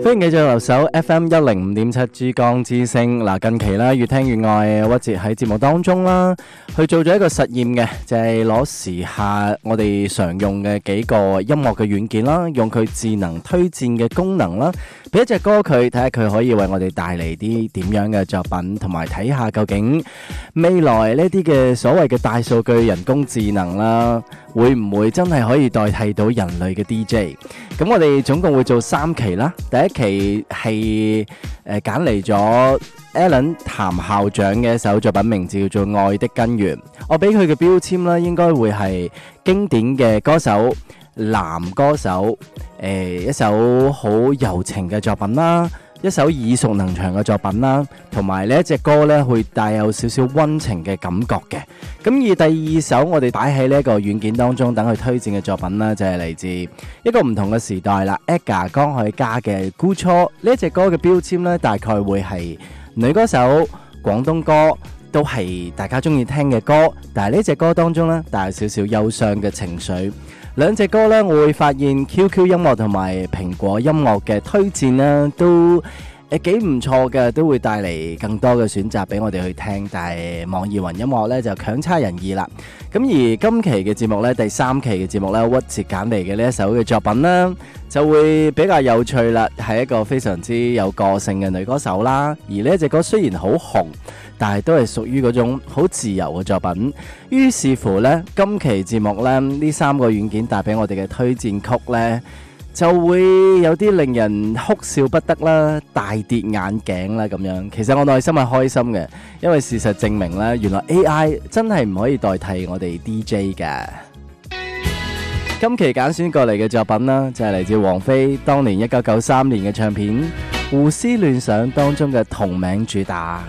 歡迎繼續留守 FM 一零五點七珠江之聲嗱，近期啦，越聽越愛屈者喺節目當中啦，去做咗一個實驗嘅，就係、是、攞時下我哋常用嘅幾個音樂嘅軟件啦，用佢智能推薦嘅功能啦。俾一隻歌佢，睇下佢可以為我哋帶嚟啲點樣嘅作品，同埋睇下究竟未來呢啲嘅所謂嘅大數據、人工智能啦，會唔會真係可以代替到人類嘅 DJ？咁我哋總共會做三期啦，第一期係誒揀嚟咗 Alan 譚校長嘅一首作品，名字叫做《愛的根源》。我俾佢嘅標籤啦，應該會係經典嘅歌手、男歌手。誒一首好柔情嘅作品啦，一首耳熟能詳嘅作品啦，同埋呢一隻歌呢會帶有少少溫情嘅感覺嘅。咁而第二首我哋擺喺呢個個軟件當中等佢推薦嘅作品啦，就係嚟自一個唔同嘅時代啦。AGA 江海迦嘅《孤初》呢一隻歌嘅標籤呢，大概會係女歌手、廣東歌，都係大家中意聽嘅歌，但係呢隻歌當中呢，帶有少少憂傷嘅情緒。兩隻歌呢，我會發現 QQ 音樂同埋蘋果音樂嘅推薦呢都。誒，幾唔錯嘅，都會帶嚟更多嘅選擇俾我哋去聽。但係網易雲音樂呢，就強差人意啦。咁而今期嘅節目呢，第三期嘅節目呢，屈折簡嚟嘅呢一首嘅作品啦，就會比較有趣啦。係一個非常之有個性嘅女歌手啦。而呢一隻歌雖然好紅，但係都係屬於嗰種好自由嘅作品。於是乎呢，今期節目呢，呢三個軟件帶俾我哋嘅推薦曲呢。就會有啲令人哭笑不得啦，大跌眼鏡啦咁樣。其實我內心係開心嘅，因為事實證明咧，原來 AI 真係唔可以代替我哋 DJ 嘅。 今期揀選過嚟嘅作品啦，就係嚟自王菲，當年一九九三年嘅唱片《胡思亂想》當中嘅同名主打。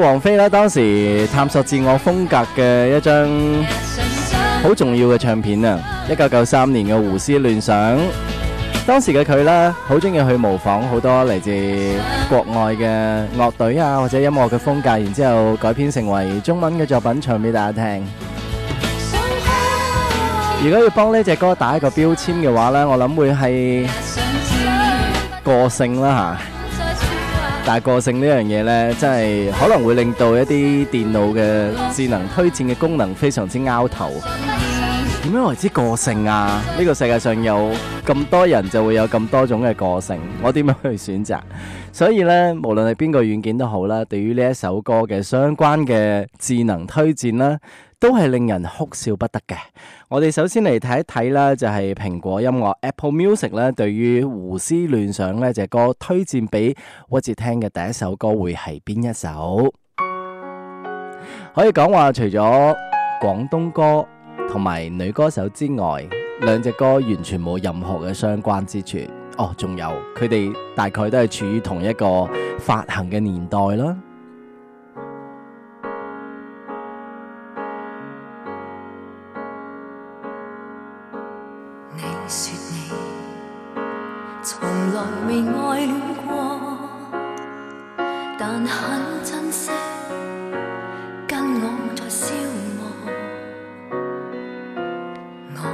王菲呢，當時探索自我風格嘅一張好重要嘅唱片啊，一九九三年嘅《胡思亂想》。當時嘅佢呢，好中意去模仿好多嚟自國外嘅樂隊啊，或者音樂嘅風格，然之後改編成為中文嘅作品唱俾大家聽。如果要幫呢隻歌打一個標籤嘅話咧，我諗會係個性啦吓。大個性呢樣嘢呢，真係可能會令到一啲電腦嘅智能推薦嘅功能非常之撓頭。點樣為之個性啊？呢個世界上有咁多人，就會有咁多種嘅個性。我點樣去選擇？所以呢，無論係邊個軟件都好啦，對於呢一首歌嘅相關嘅智能推薦啦，都係令人哭笑不得嘅。我哋首先嚟睇一睇啦，就係蘋果音樂 Apple Music 咧，對於胡思亂想呢隻歌推薦俾我接聽嘅第一首歌會係邊一首？可以講話除咗廣東歌、同埋女歌手之外，兩隻歌完全冇任何嘅相關之處。哦，仲有佢哋大概都係處於同一個發行嘅年代啦。你說你從來未愛過，但很珍惜。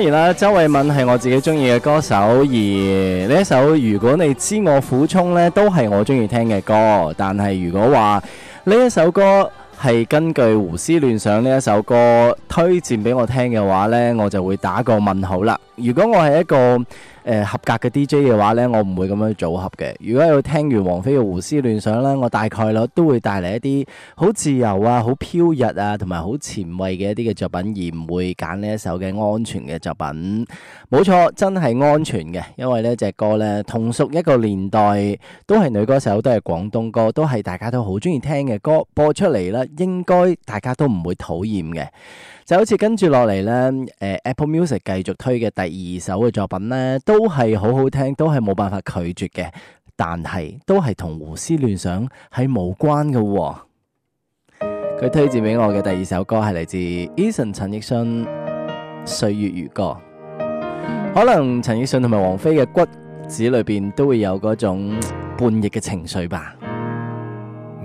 當然啦，周慧敏係我自己中意嘅歌手，而呢一首如果你知我苦衷呢都係我中意聽嘅歌。但係如果話呢一首歌係根據胡思亂想呢一首歌推薦俾我聽嘅話呢，我就會打個問號啦。如果我係一個。誒合格嘅 DJ 嘅話呢，我唔會咁樣組合嘅。如果要聽完王菲嘅胡思亂想呢，我大概率都會帶嚟一啲好自由啊、好飄逸啊，同埋好前衛嘅一啲嘅作品，而唔會揀呢一首嘅安全嘅作品。冇錯，真係安全嘅，因為呢隻歌呢，同屬一個年代，都係女歌手，都係廣東歌，都係大家都好中意聽嘅歌，播出嚟呢，應該大家都唔會討厭嘅。就好似跟住落嚟呢，誒 Apple Music 繼續推嘅第二首嘅作品呢，都係好好聽，都係冇辦法拒絕嘅，但係都係同胡思亂想係無關嘅。佢推薦俾我嘅第二首歌係嚟自 Eason 陳奕迅《歲月如歌》，可能陳奕迅同埋王菲嘅骨子裏邊都會有嗰種叛逆嘅情緒吧。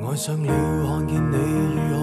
愛上了看見你與我。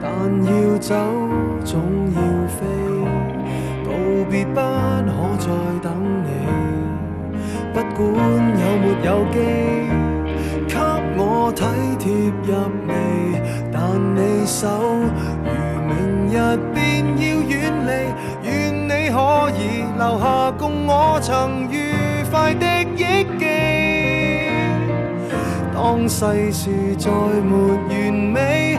但要走，總要飛，道別不可再等你。不管有沒有機，給我體貼入微。但你手，如明日便要遠離，願你可以留下，共我曾愉快的憶記。當世事再沒完美。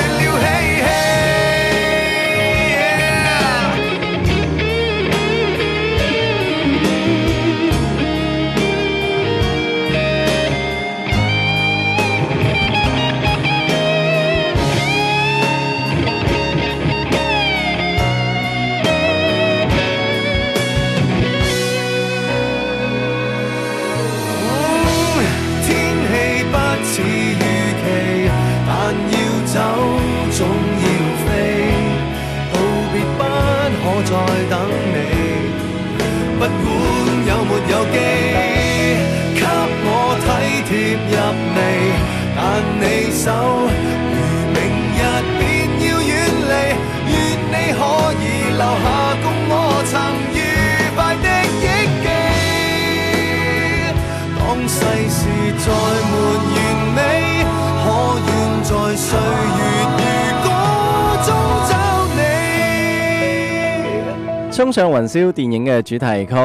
《雲霄》電影嘅主題曲，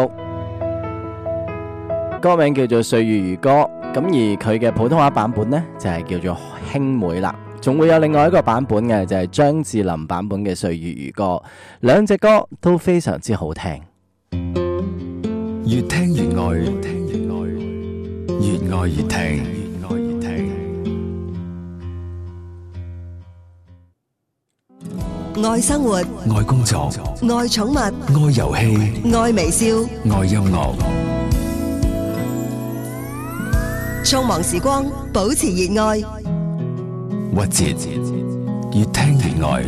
歌名叫做《歲月如歌》。咁而佢嘅普通話版本呢，就係叫做《兄妹》啦。仲會有另外一個版本嘅就係張智霖版本嘅《歲月如歌》，兩隻歌都非常之好聽，越聽越愛，越聽越愛，越愛越聽。愛生活，愛工作，愛寵物，愛遊戲，愛微笑，愛音樂。匆忙時光，保持熱愛。屈折，越聽越愛。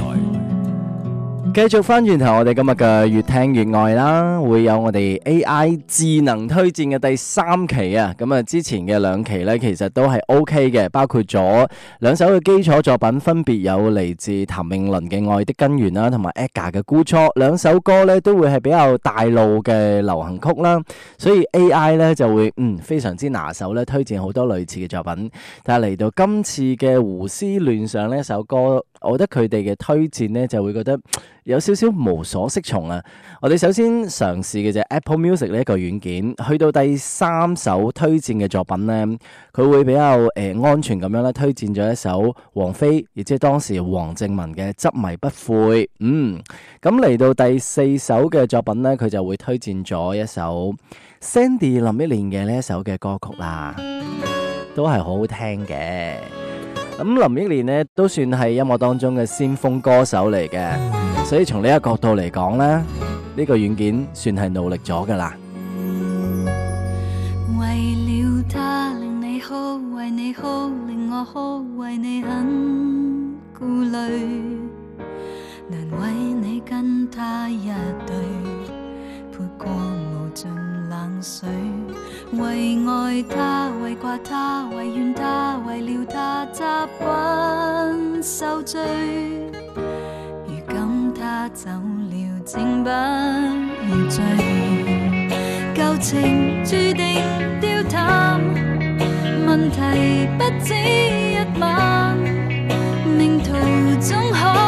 繼續翻轉頭，我哋今日嘅月。聽粵外啦，會有我哋 AI 智能推薦嘅第三期啊！咁啊，之前嘅兩期呢，其實都係 OK 嘅，包括咗兩首嘅基礎作品，分別有嚟自譚詠麟嘅《愛的根源》啦，同埋 Edgar 嘅《孤雛》。兩首歌呢，都會係比較大路嘅流行曲啦，所以 AI 呢，就會嗯非常之拿手咧，推薦好多類似嘅作品。但係嚟到今次嘅胡思亂想呢首歌，我覺得佢哋嘅推薦呢，就會覺得有少少無所適從啊！我哋首先嘗試嘅就係 Apple Music 呢一個軟件，去到第三首推薦嘅作品呢，佢會比較誒、呃、安全咁樣咧推薦咗一首王菲，亦即係當時王靖雯嘅《執迷不悔》。嗯，咁嚟到第四首嘅作品呢，佢就會推薦咗一首 Sandy 林憶蓮嘅呢一首嘅歌曲啦，都係好好聽嘅。咁林憶蓮咧都算係音樂當中嘅先鋒歌手嚟嘅，所以從呢一個角度嚟講咧，呢個軟件算係努力咗噶啦。為了他，令你哭，為你哭，令我哭，為你很顧慮，難為你跟他一對。為愛他，為掛他，為怨他，為了他習慣受罪。如今他走了正人，竟不要罪舊情注定丟淡，問題不止一晚，命途總可。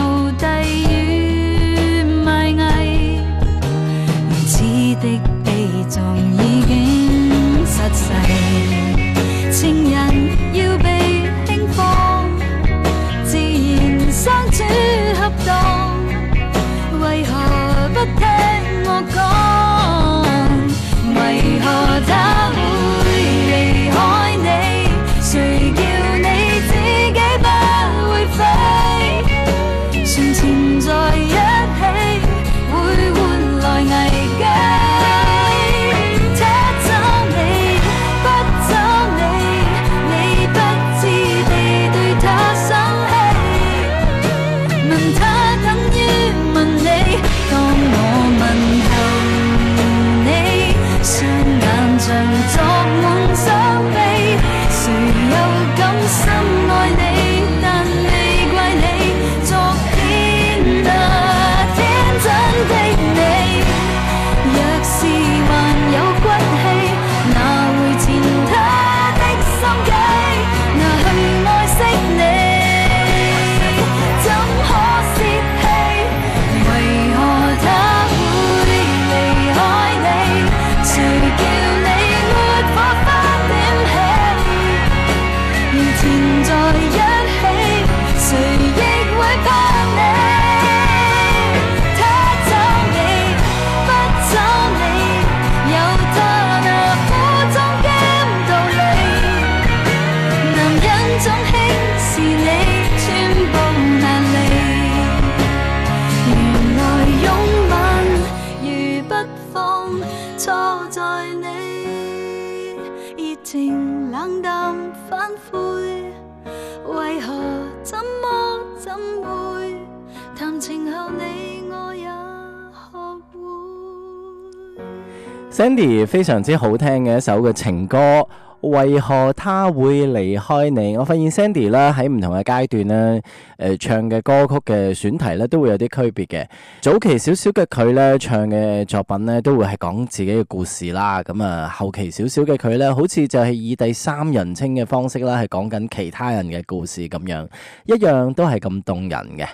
Sandy 非常之好聽嘅一首嘅情歌，為何他會離開你？我發現 Sandy 咧喺唔同嘅階段咧，誒唱嘅歌曲嘅選題咧都會有啲區別嘅。早期少少嘅佢咧唱嘅作品咧都會係講自己嘅故事啦，咁啊後期少少嘅佢咧好似就係以第三人稱嘅方式啦係講緊其他人嘅故事咁樣，一樣都係咁動人嘅。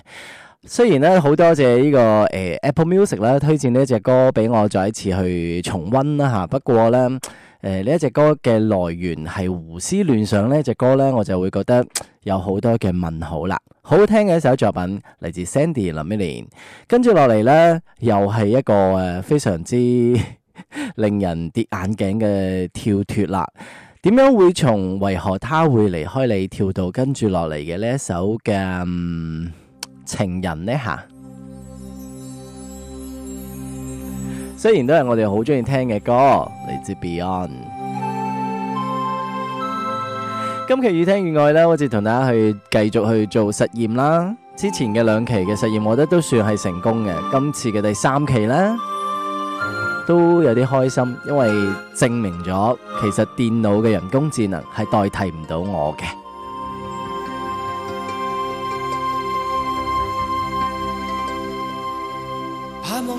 雖然咧好多謝呢、這個誒、欸、Apple Music 推薦呢一隻歌俾我再一次去重温啦吓，不過咧誒呢一隻、呃、歌嘅來源係胡思亂想呢隻歌咧我就會覺得有多好多嘅問號啦。好聽嘅一首作品嚟自 Sandy 林憶蓮，跟住落嚟咧又係一個誒非常之 令人跌眼鏡嘅跳脫啦。點樣會從為何他會離開你跳到跟住落嚟嘅呢一首嘅？嗯情人呢吓，雖然都係我哋好中意聽嘅歌，嚟自 Beyond。今期越聽越愛啦，我哋同大家去繼續去做實驗啦。之前嘅兩期嘅實驗，我覺得都算係成功嘅。今次嘅第三期呢，都有啲開心，因為證明咗其實電腦嘅人工智能係代替唔到我嘅。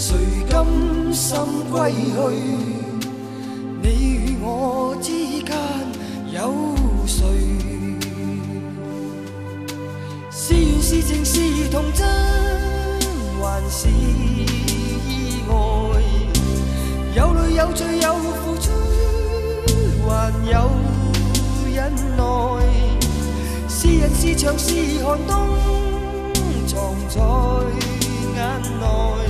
誰甘心歸去？你與我之間有誰？是緣是情是童真，還是意外？有淚有罪有付出，還有忍耐。是人是牆是寒冬，藏在眼內。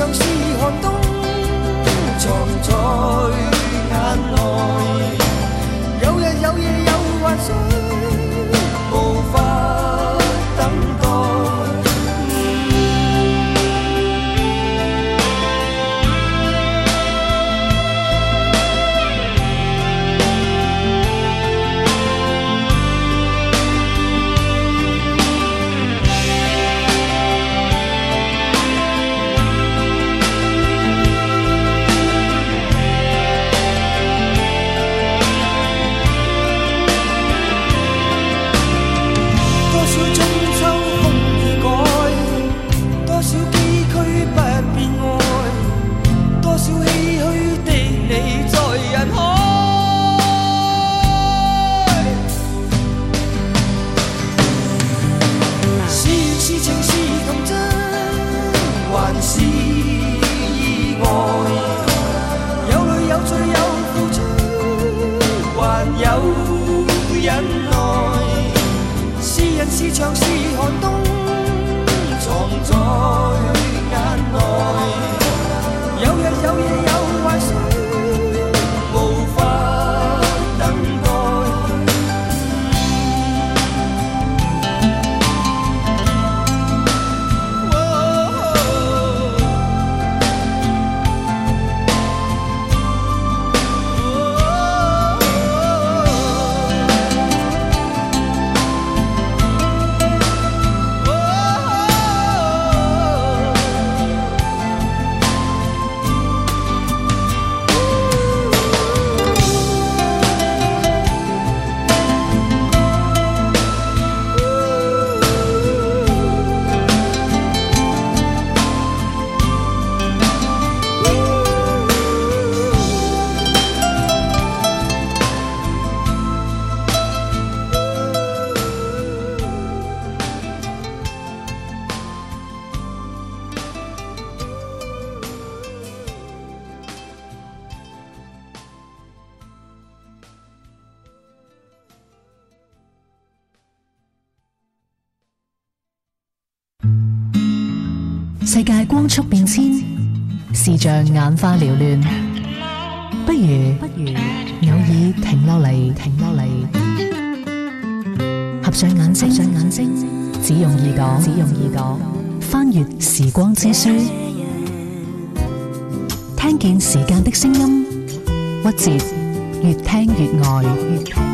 像是寒冬。眼花繚亂，不如偶爾如停落嚟，合上眼睛，上眼睛只用耳朵翻閱時光之書，也聽見時間的聲音，屈折，越聽越愛。越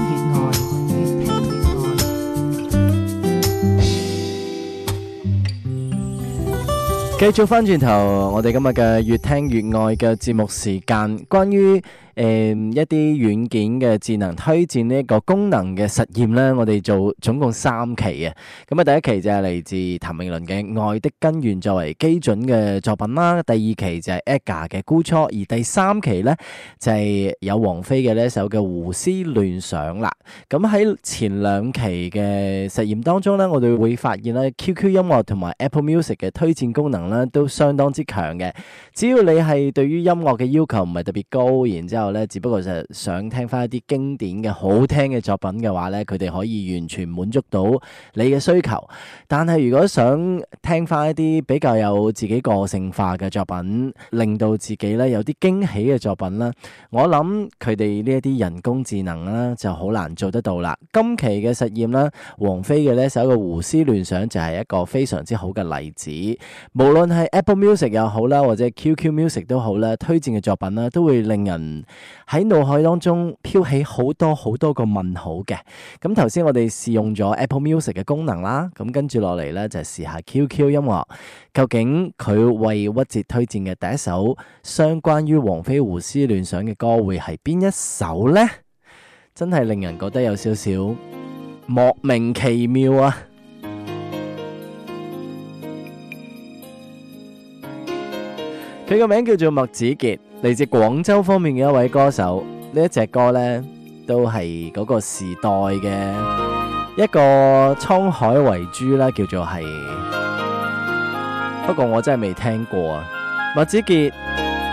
繼續翻轉頭，我哋今日嘅越聽越愛嘅節目時間，關於。嗯、一啲軟件嘅智能推薦呢個功能嘅實驗呢，我哋做總共三期嘅。咁啊，第一期就係嚟自譚詠麟嘅《愛的根源》作為基準嘅作品啦。第二期就係 e g o r a 嘅《孤雛》，而第三期呢，就係、是、有王菲嘅呢首嘅《胡思亂想》啦。咁、嗯、喺前兩期嘅實驗當中呢，我哋會發現呢 QQ 音樂同埋 Apple Music 嘅推薦功能呢，都相當之強嘅。只要你係對於音樂嘅要求唔係特別高，然之後，只不過就係想聽翻一啲經典嘅好聽嘅作品嘅話咧，佢哋可以完全滿足到你嘅需求。但係如果想聽翻一啲比較有自己個性化嘅作品，令到自己咧有啲驚喜嘅作品咧，我諗佢哋呢一啲人工智能啦就好難做得到啦。今期嘅實驗啦，王菲嘅呢首個胡思亂想就係一個非常之好嘅例子。無論係 Apple Music 又好啦，或者 QQ Music 都好啦，推薦嘅作品咧都會令人喺腦海當中飄起好多好多個問號嘅，咁頭先我哋試用咗 Apple Music 嘅功能啦，咁跟住落嚟呢，就試下 QQ 音樂，究竟佢為屈折推薦嘅第一首相關於王菲胡思亂想嘅歌會係邊一首呢？真係令人覺得有少少莫名其妙啊！佢個名叫做麥子傑。嚟自廣州方面嘅一位歌手，這歌呢，一隻歌咧都係嗰個時代嘅一個滄海遺珠啦，叫做係，不過我真係未聽過啊。麥子杰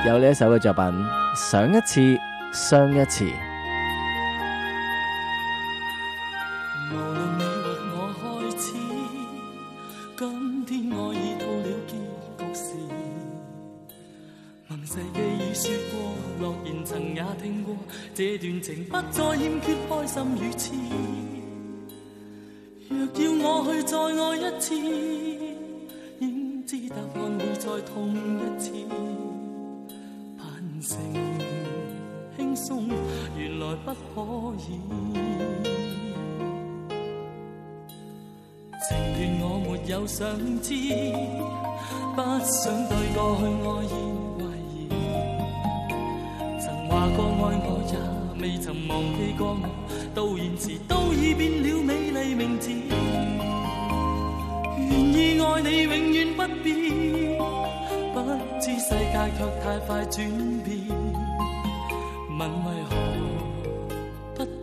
有呢一首嘅作品《想一次傷一次》上一次。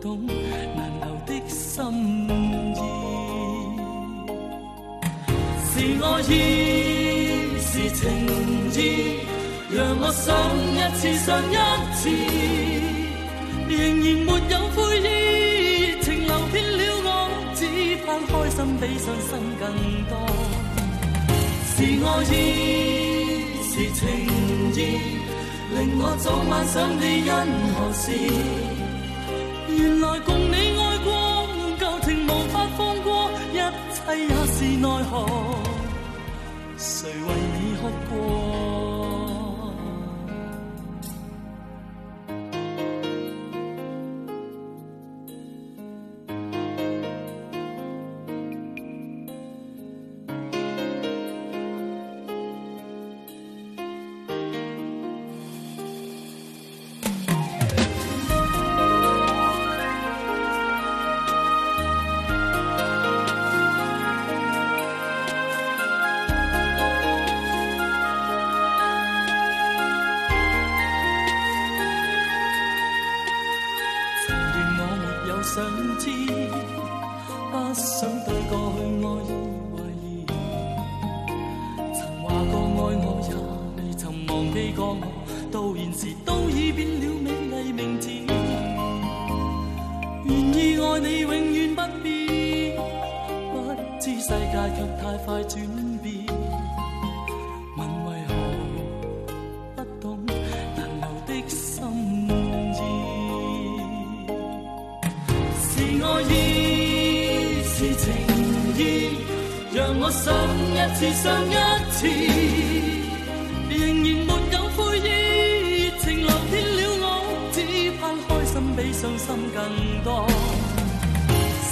懂難留的心意，是愛意，是情意，讓我想一次想一次，仍然沒有悔意，情留偏了我，只盼開心比傷心更多。是愛意，是情意，令我早晚想你因何事？原來共你愛過，舊情無法放過，一切也是奈何。誰為你哭過？永遠不變，不知世界卻太快轉變。問為何不懂難留的心意？ 是愛意，是情意，讓我想一次，想一次，仍然沒有悔意。情留遍了我，只盼開心比傷心更多。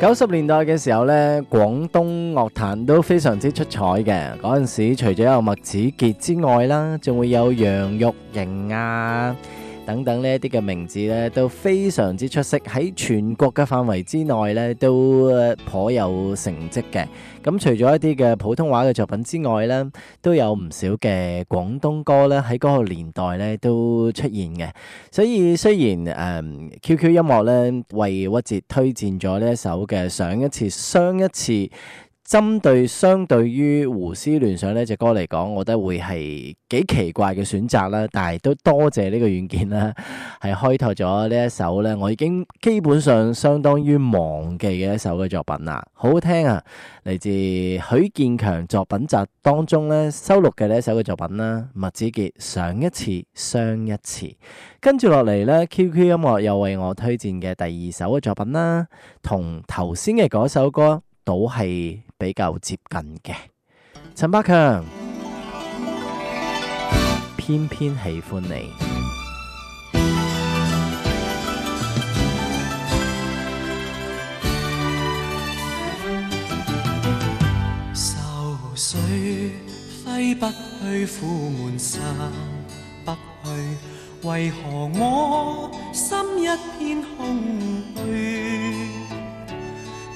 九十年代嘅時候呢廣東樂壇都非常之出彩嘅。嗰陣時，除咗有麥子杰之外啦，仲會有楊鈺瑩啊。等等呢一啲嘅名字咧都非常之出色，喺全國嘅範圍之內咧都頗有成績嘅。咁除咗一啲嘅普通話嘅作品之外咧，都有唔少嘅廣東歌咧喺嗰個年代咧都出現嘅。所以雖然誒、嗯、QQ 音樂咧為屈折推薦咗呢一首嘅上一次，上一次。上一次針對相對於胡思亂想呢隻歌嚟講，我覺得會係幾奇怪嘅選擇啦。但係都多謝呢個軟件啦，係開拓咗呢一首呢，我已經基本上相當於忘記嘅一首嘅作品啦。好好聽啊，嚟自許建強作品集當中呢，收錄嘅呢一首嘅作品啦。麥子傑上一次傷一次，跟住落嚟呢，QQ 音樂又為我推薦嘅第二首嘅作品啦，同頭先嘅嗰首歌。都係比較接近嘅，陳百強偏偏喜歡你，愁緒揮不去，苦悶散不去，為何我心一片空虛？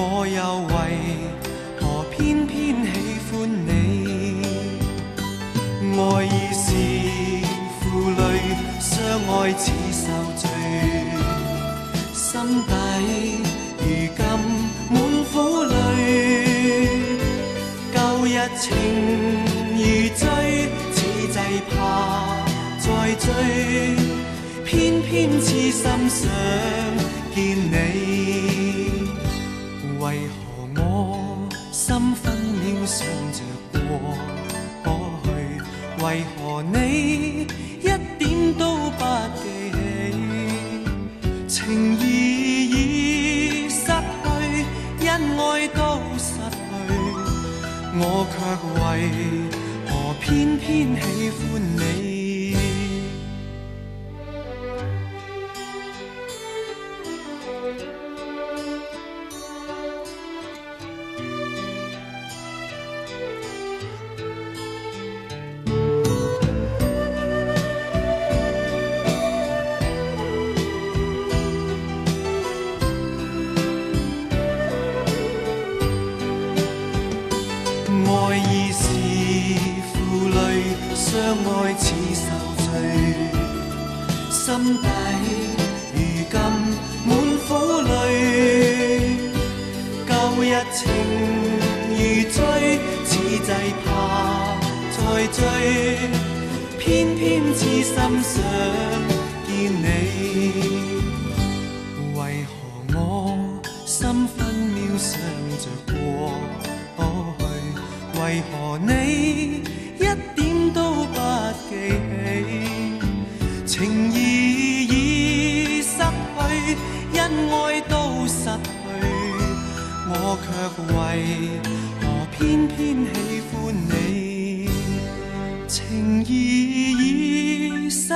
我又為何偏偏喜歡你？愛已是負累，相愛似受罪，心底如今滿苦淚。舊日情如醉，此際怕再追，偏偏痴心想。和你一點都不記起，情意已失去，恩愛都失去，我卻為何偏偏喜歡你？痴心想見你，為何我心分秒想着過去？為何你一點都不記起？情義已失去，恩愛都失去，我卻為何偏偏喜歡你？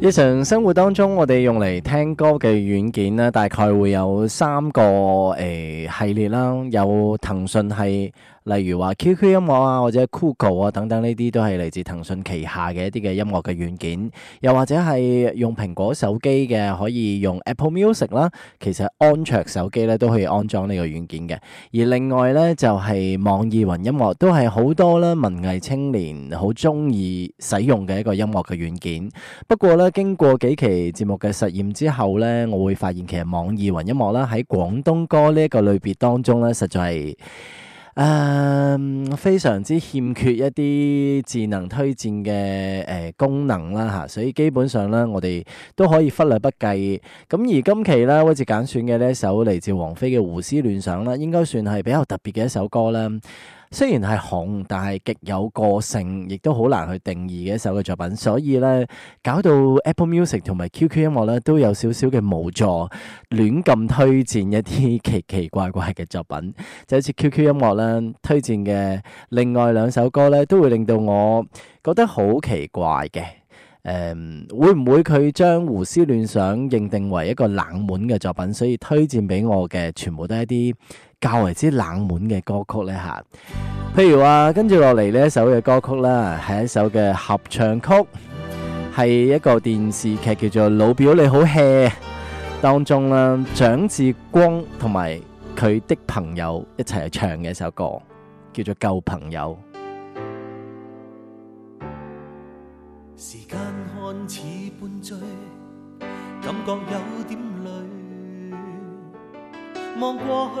日常生活當中，我哋用嚟聽歌嘅軟件呢，大概會有三個誒、呃、系列啦，有騰訊系。例如話 QQ 音樂啊，或者酷狗啊等等呢啲都係嚟自騰訊旗下嘅一啲嘅音樂嘅軟件，又或者係用蘋果手機嘅可以用 Apple Music 啦，其實安卓手機咧都可以安裝呢個軟件嘅。而另外呢，就係網易雲音樂，都係好多咧文藝青年好鍾意使用嘅一個音樂嘅軟件。不過呢，經過幾期節目嘅實驗之後呢，我會發現其實網易雲音樂啦喺廣東歌呢一個類別當中呢，實在係。誒、um, 非常之欠缺一啲智能推薦嘅、呃、功能啦嚇，所以基本上呢，我哋都可以忽略不計。咁而今期呢，我哋揀選嘅呢一首嚟自王菲嘅《胡思亂想》啦，應該算係比較特別嘅一首歌啦。雖然係紅，但係極有個性，亦都好難去定義嘅一首嘅作品，所以呢，搞到 Apple Music 同埋 QQ 音樂呢都有少少嘅無助，亂咁推薦一啲奇奇怪怪嘅作品，就好似 QQ 音樂呢推薦嘅另外兩首歌呢，都會令到我覺得好奇怪嘅，誒、嗯，會唔會佢將胡思亂想認定為一個冷門嘅作品，所以推薦俾我嘅全部都係一啲。較為之冷門嘅歌曲呢吓，譬如話跟住落嚟呢一首嘅歌曲啦，係一首嘅合唱曲，係一個電視劇叫做《老表你好 hea》當中啦，蔣志光同埋佢的朋友一齊唱嘅一首歌，叫做《舊朋友》。時間看似半醉，感覺有點累，望過去。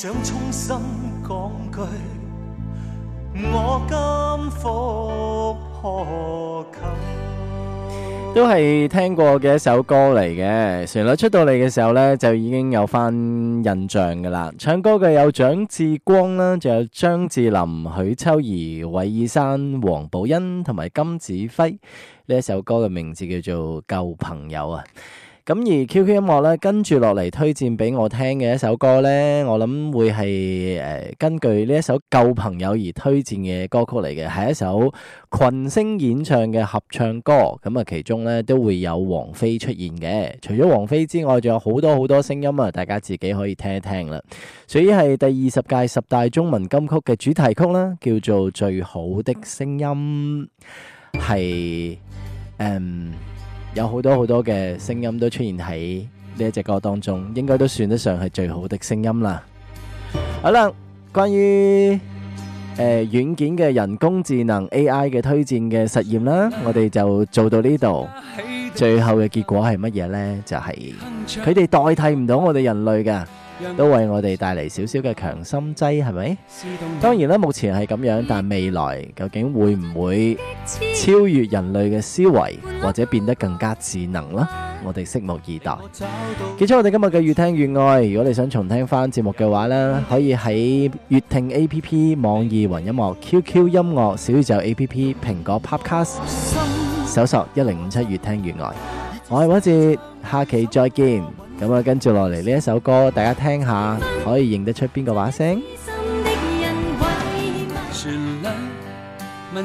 想衷心講句，我甘福何求？都係聽過嘅一首歌嚟嘅，旋律出到嚟嘅時候呢，就已經有返印象噶啦。唱歌嘅有蔣志光啦，仲有張智霖、許秋怡、韋綺姍、黃寶欣同埋金子輝。呢一首歌嘅名字叫做《舊朋友》啊。咁而 QQ 音樂咧，跟住落嚟，推薦俾我聽嘅一首歌呢，我諗會係誒、呃、根據呢一首舊朋友而推薦嘅歌曲嚟嘅，係一首群星演唱嘅合唱歌，咁啊其中呢，都會有王菲出現嘅。除咗王菲之外，仲有好多好多聲音啊！大家自己可以聽一聽啦。所以係第二十屆十大中文金曲嘅主題曲啦，叫做《最好的聲音》，係有好多好多嘅聲音都出現喺呢一隻歌當中，應該都算得上係最好的聲音啦。好啦，關於誒軟件嘅人工智能 AI 嘅推薦嘅實驗啦，我哋就做到呢度，最後嘅結果係乜嘢呢？就係佢哋代替唔到我哋人類㗎。都為我哋帶嚟少少嘅強心劑，係咪？當然啦，目前係咁樣，但未來究竟會唔會超越人類嘅思維，或者變得更加智能呢？我哋拭目以待。記住我哋今日嘅越聽越愛，如果你想重聽翻節目嘅話呢，可以喺越聽 A P P、網易雲音樂、Q Q 音樂、小宇宙 A P P、蘋果 Podcast 搜索一零五七越聽越愛。我係韋哲，下期再見。咁啊，跟住落嚟呢一首歌，大家聽下，可以認得出邊個把聲？問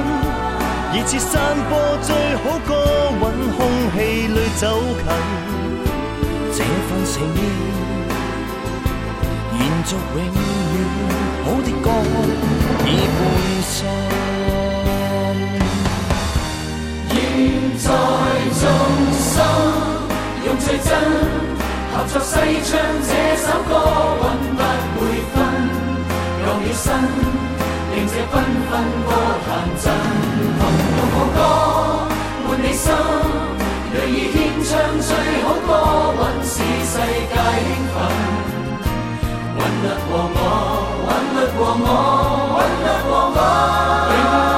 以次散播最好歌，搵空氣裏走近這份情意，延續永遠好的歌，已背身。現在眾心用最真合作細唱這首歌，永不會分。教令這紛紛歌壇震撼，痛好歌換你心，雷雨天唱最好歌，穩使世界興奮，穩得過我，穩得過我，穩得過我。哎